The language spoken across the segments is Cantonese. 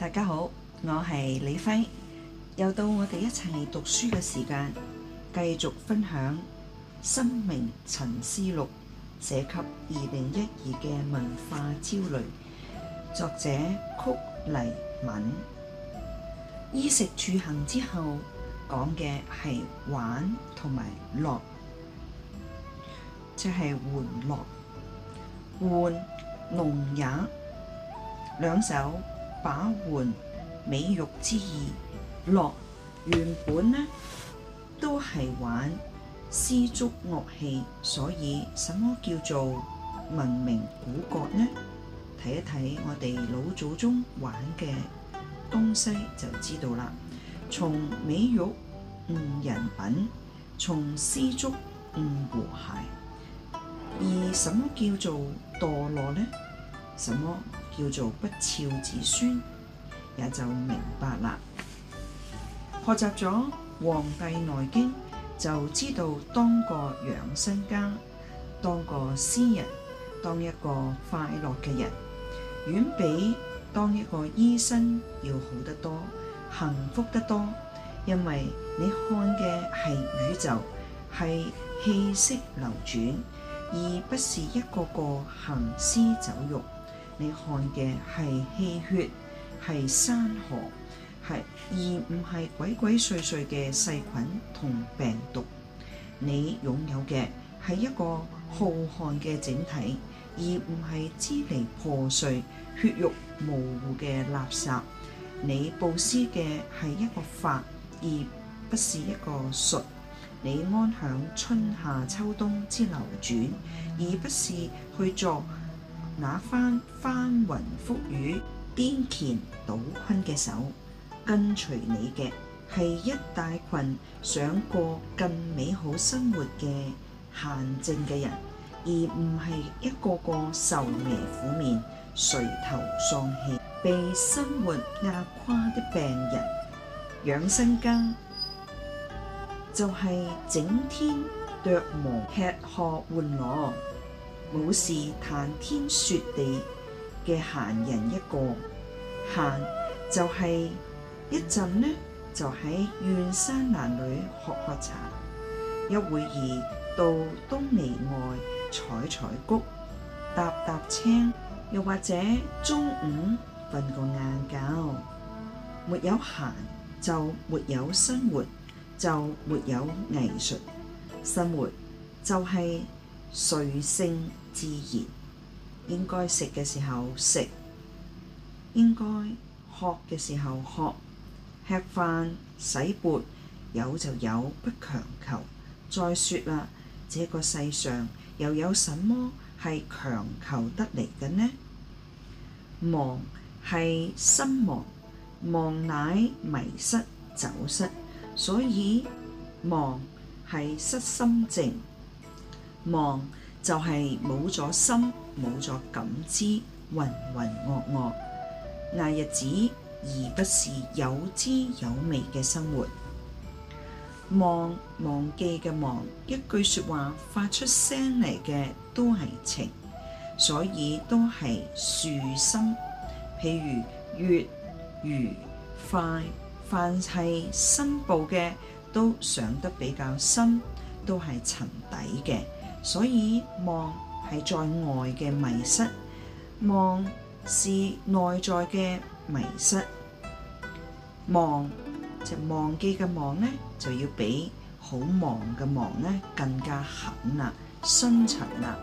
大家好，我係李輝，又到我哋一齊讀書嘅時間，繼續分享《生命沉思錄》寫給二零一二嘅文化焦慮。作者曲黎敏，衣食住行之後講嘅係玩同埋樂，即係玩樂，玩弄也，兩首。把玩美玉之意，樂原本呢都係玩絲竹樂器，所以什麼叫做文明古國呢？睇一睇我哋老祖宗玩嘅東西就知道啦。從美玉悟人品，從絲竹悟和諧。而什麼叫做墮落呢？什麼？叫做不肖子孫，也就明白啦。學習咗《黃帝內經》，就知道當個養生家，當個詩人，當一個快樂嘅人，遠比當一個醫生要好得多，幸福得多。因為你看嘅係宇宙，係氣息流轉，而不是一個個行屍走肉。你看嘅係氣血，係山河，係而唔係鬼鬼祟祟嘅細菌同病毒。你擁有嘅係一個浩瀚嘅整體，而唔係支離破碎、血肉模糊嘅垃圾。你布施嘅係一個法，而不是一個術。你安享春夏秋冬之流轉，而不是去做那番翻雲覆雨、顛乾倒坤嘅手，跟隨你嘅係一大群想過更美好生活嘅閒靜嘅人，而唔係一個個愁眉苦面、垂頭喪氣、被生活壓垮的病人。養生家就係、是、整天琢磨吃喝玩樂。冇事談天說地嘅閒人一個，閒就係一陣呢，就喺、是、遠山林裏喝喝茶，一會兒到東籬外採採菊踏踏青，又或者中午瞓個晏覺。沒有閒就沒有生活，就沒有藝術。生活就係、是。隨性自然，應該食嘅時候食，應該喝嘅時候喝。吃飯洗缽有就有，不強求。再說啦，這個世上又有什麼係強求得嚟嘅呢？忙係心忙，忙乃迷失走失，所以忙係失心症。忙就係冇咗心，冇咗感知，渾渾噩噩捱日子，而不是有滋有味嘅生活。忘，忘記嘅忘，一句説話發出聲嚟嘅都係情，所以都係樹心。譬如悅、愉、快，凡係心部嘅都想得比較深，都係沉底嘅。所以忘係在外嘅迷失，忘是內在嘅迷失，忘就是、忘記嘅忘咧，就要比好忘嘅忘咧更加狠啊、深層啊。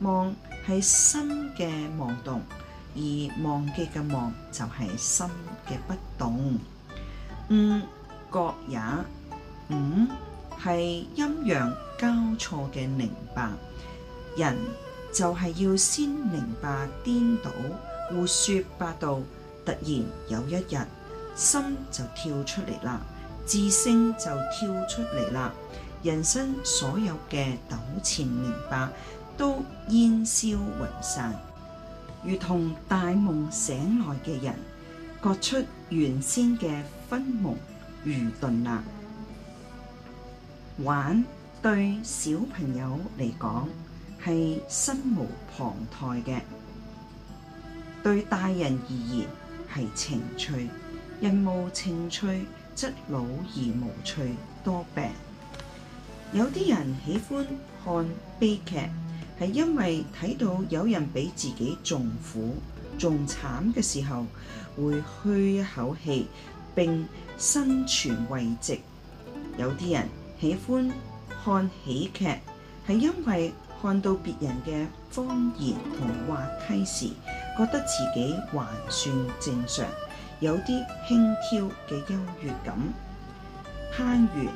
忘係心嘅妄動，而忘記嘅忘就係心嘅不動，五、嗯、覺也五。嗯係陰陽交錯嘅明白，人就係要先明白顛倒、胡說八道。突然有一日，心就跳出嚟啦，智性就跳出嚟啦，人生所有嘅糾纏明白都煙消雲散，如同大夢醒來嘅人，覺出原先嘅昏蒙愚鈍啦。玩對小朋友嚟講係心無旁騖嘅；對大人而言係情趣，人無情趣則老而無趣，多病。有啲人喜歡看悲劇，係因為睇到有人比自己仲苦、仲慘嘅時候，會噓一口氣並心存慰藉。有啲人喜歡看喜劇，係因為看到別人嘅方言同滑稽時，覺得自己還算正常，有啲輕佻嘅優越感。攀緣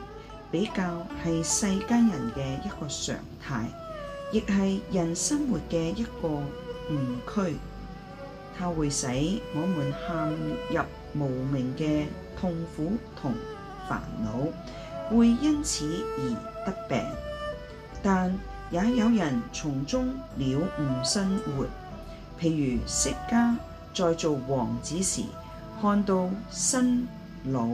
比較係世間人嘅一個常態，亦係人生活嘅一個誤區。它會使我們陷入無名嘅痛苦同煩惱。會因此而得病，但也有人從中了悟生活。譬如釋迦在做王子時，看到生老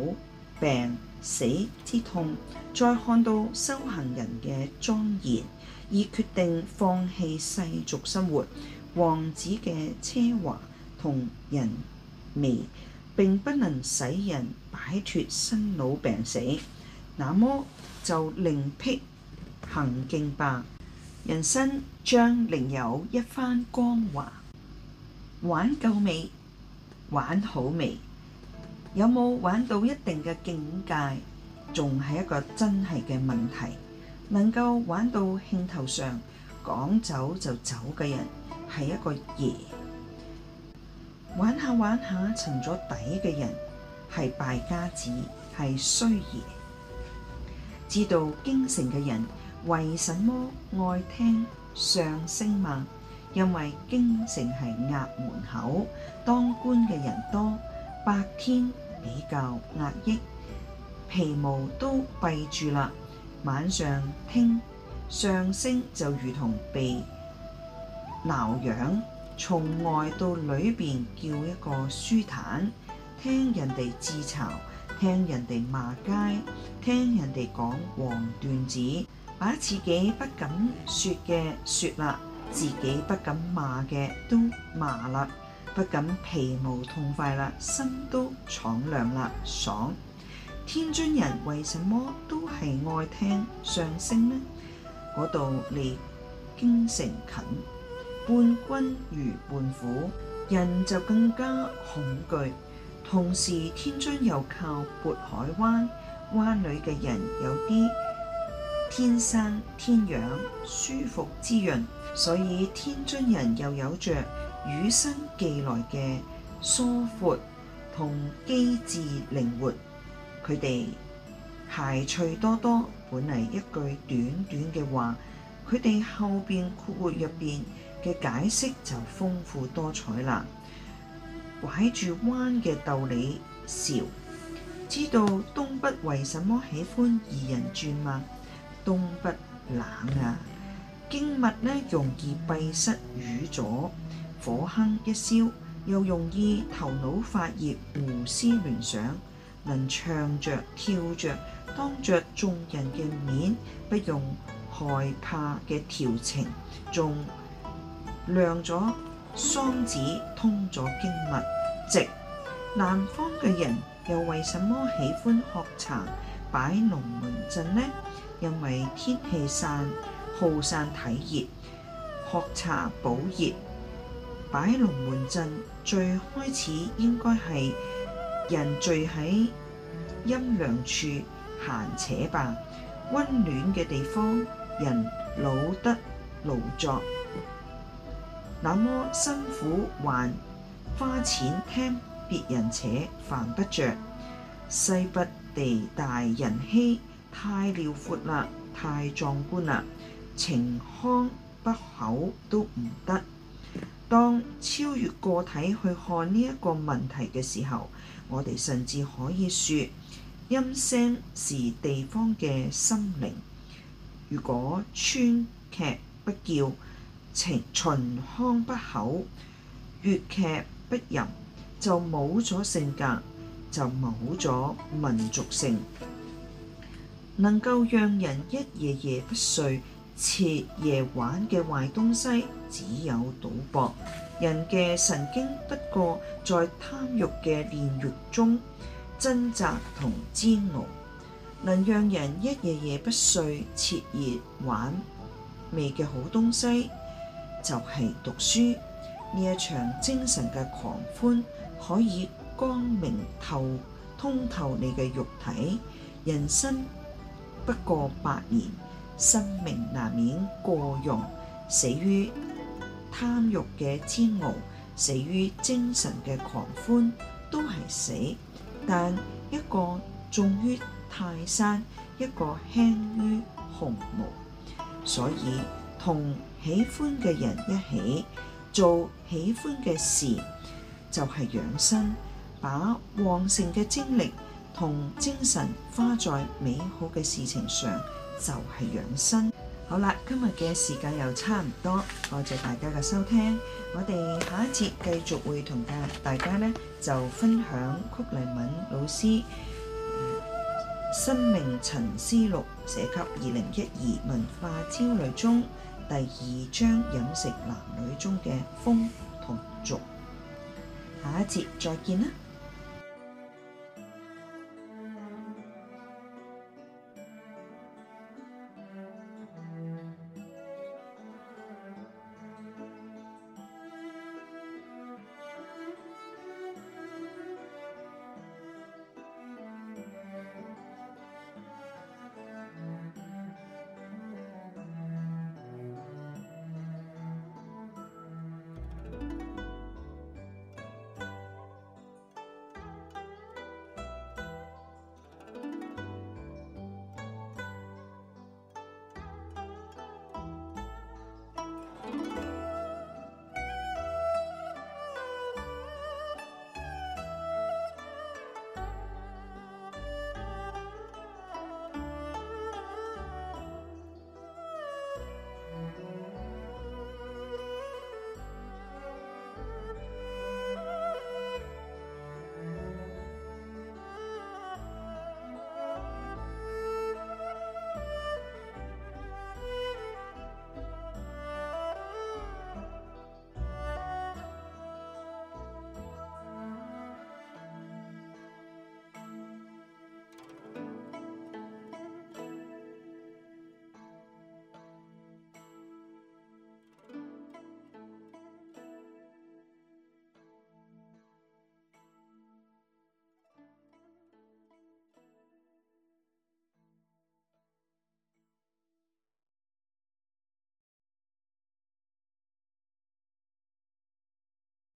病死之痛，再看到修行人嘅莊嚴，而決定放棄世俗生活。王子嘅奢華同人味並不能使人擺脱生老病死。那麼就另闢行徑吧，人生將另有一番光華。玩夠未？玩好未？有冇玩到一定嘅境界？仲係一個真係嘅問題。能夠玩到興頭上，講走就走嘅人，係一個爺。玩下玩下，沉咗底嘅人，係敗家子，係衰爺。知道京城嘅人為什麼愛聽相聲嗎？因為京城係衙門口，當官嘅人多，白天比較壓抑，皮毛都閉住啦。晚上聽相聲就如同被撓癢，從外到裏邊叫一個舒坦，聽人哋自嘲。聽人哋罵街，聽人哋講黃段子，把自己不敢説嘅説啦，自己不敢罵嘅都罵啦，不敢皮毛痛快啦，心都敞亮啦，爽！天津人為什麼都係愛聽相聲呢？嗰度離京城近，伴君如伴虎，人就更加恐懼。同時，天津又靠渤海灣，灣裏嘅人有啲天生天養，舒服滋潤，所以天津人又有着與生俱來嘅疏闊同機智靈活。佢哋諧趣多多，本嚟一句短短嘅話，佢哋後邊括弧入邊嘅解釋就豐富多彩啦。拐住彎嘅道理笑，知道東北為什麼喜歡二人轉嗎、啊？東北冷啊，經脈呢容易閉塞淤阻，火坑一燒又容易頭腦發熱胡思亂想，能唱着跳着當着眾人嘅面，不用害怕嘅調情，仲亮咗。桑子通咗經脈，直。南方嘅人又為什麼喜歡喝茶、擺龍門陣呢？因為天氣散，耗散體熱，喝茶補熱。擺龍門陣最開始應該係人聚喺陰涼處閒扯吧，溫暖嘅地方，人老得勞作。那麼辛苦還花錢聽別人扯，犯不着。西北地大人稀，太遼闊啦，太壯觀啦，情腔不口都唔得。當超越個體去看呢一個問題嘅時候，我哋甚至可以説，音聲是地方嘅心靈。如果川劇不叫，情秦秦腔不吼，粵劇不淫，就冇咗性格，就冇咗民族性。能夠讓人一夜夜不睡，徹夜玩嘅壞東西只有賭博。人嘅神經不過在貪欲嘅煉獄中掙扎同煎熬。能讓人一夜夜不睡，徹夜玩味嘅好東西。就係讀書，呢一場精神嘅狂歡，可以光明透通透你嘅肉體。人生不過百年，生命難免過用，死於貪欲嘅煎熬，死於精神嘅狂歡都係死。但一個重於泰山，一個輕於鴻毛，所以。同喜歡嘅人一起做喜歡嘅事，就係養生。把旺盛嘅精力同精神花在美好嘅事情上，就係養生。好啦，今日嘅時間又差唔多，多謝大家嘅收聽。我哋下一節繼續會同嘅大家咧，就分享曲黎敏老師《生命沉思錄》寫給二零一二文化焦慮中。第二章飲食男女中嘅風同俗，下一節再見啦。